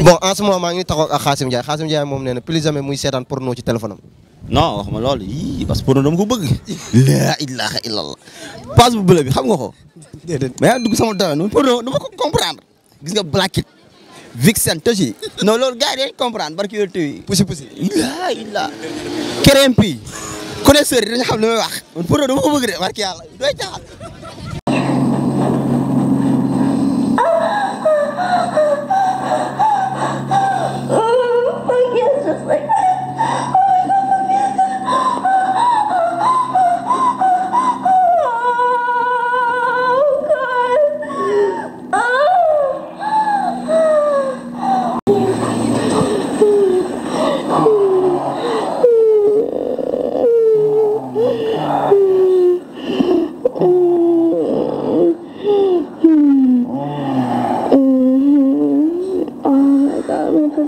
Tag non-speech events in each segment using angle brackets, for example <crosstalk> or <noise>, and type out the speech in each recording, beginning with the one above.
bon en ce moment maa ngi taxaw ak Xaasim Ndiaye Xaasim Ndiaye moom nee na plus jamais muy seetaan porno ci téléphone am. non waxuma loolu yii parce que porno dama ko bëgg. laa ilaaha illallah. passe bu bële bi xam nga ko. déedéet mais yaa dugg sama dara noonu porno dama ko comprendre. gis nga Black Kid. Vixen Toshi. non loolu gars yi dañuy comprendre barki yooyu tuuti. pusi pusi. laa ilaaha. Kerempi. connaisseur yi dañu xam li may wax. porno dama ko bëgg de barki yàlla doy caaxaan.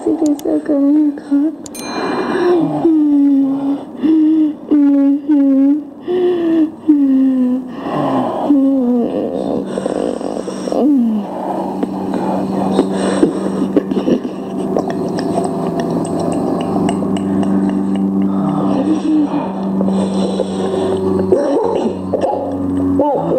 ਤੁਸੀਂ ਕਿਸ ਤਰ੍ਹਾਂ ਕਰਨਾ Oh,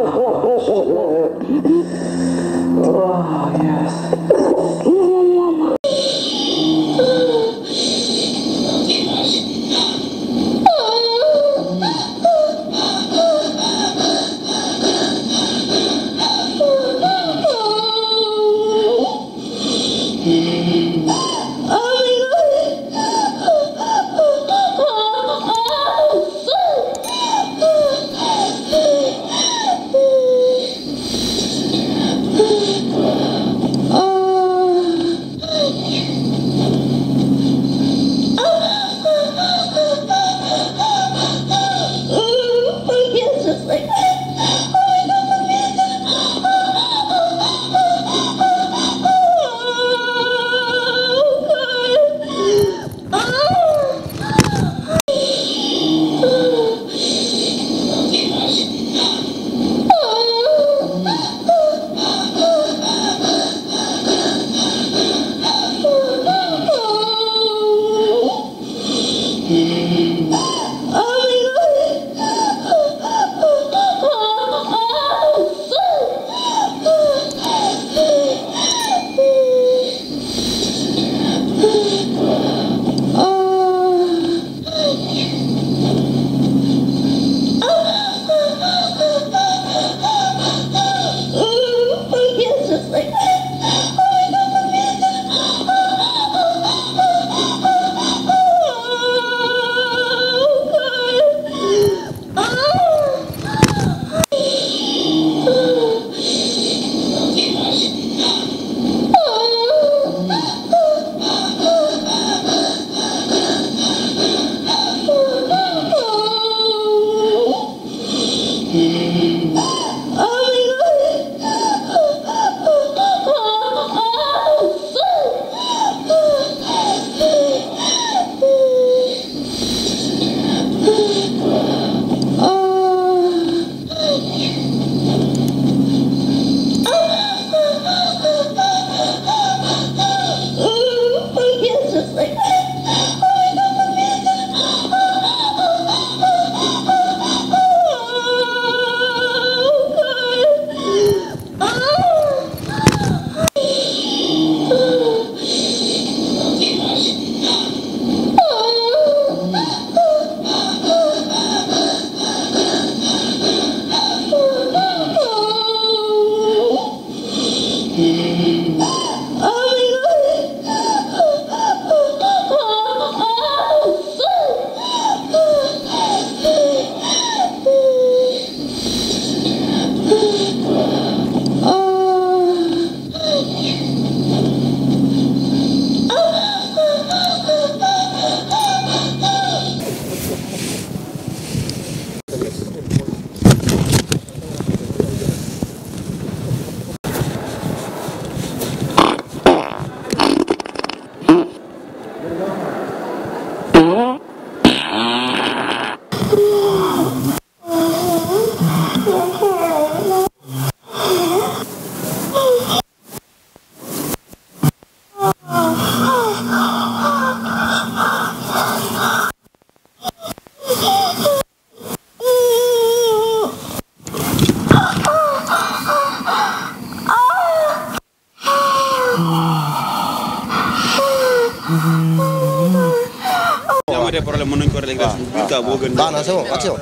waaw c'est bon attention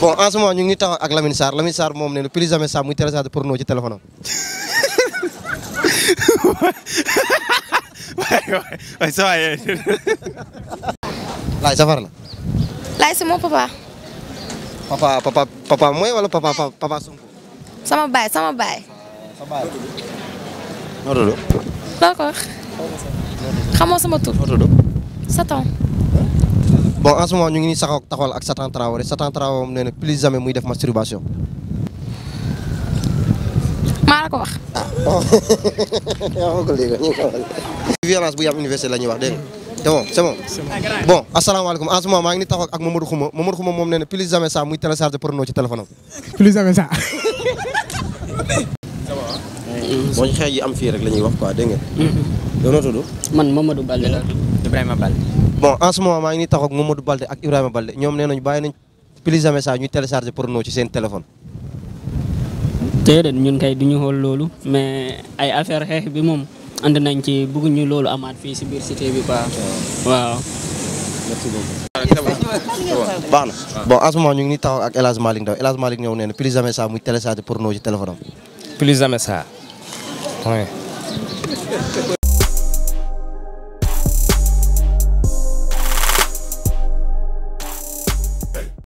bon en ce moment ñu ngi taxaw ak Lamine Sarr Lamine Sarr moom ne plus jamais ça muy télécharge porno ci téléphone la. <laughs> Laay c'est papa. papa papa wala papa papa Sonko. sama baay sama baay. sa baay. noo tudd. d'accord. xamoo sama tur. bon en ce ñu ngi nii saxook taxawal ak Satan Traoré Satan Traoré moom nee na plus jamais muy def masturbation. maa la ko wax. Ah, <laughs> violence bu yam université la ñuy wax dégg nga te bon c'est bon. bon asalaamaaleykum en ce moment maa ngi nii taxaw ak Mamadou Xuma Mamadou Xuma moom nee na plus jamais ça muy télécharger porno ci téléphone am. plus jamais ça. moo <laughs> ñu yi am fii rek la ñuy wax quoi dégg nga. Mm-hmm. yow noo tudd. man Mamadou Balde la Ibrahima Balde. bon en ce moment maa ngi nii taxaw ak Mamadou Balde ak Ibrahima Balde ñoom nee nañu bàyyi nañ plus jamais ça ñuy télécharger porno ci seen téléphone. déedéet ñun kay du ñu xool loolu mais ay affaire xeex bi moom ànd nañ ci bëgguñu loolu amaat fii si biir cité bi quoi waaw. bon en ce ñu ngi nii taxaw ak El Hadj Malick Ndaw El Hadj Malick ñëw nee plus jamais ça muy télécharger porno ci téléphone am. plus jamais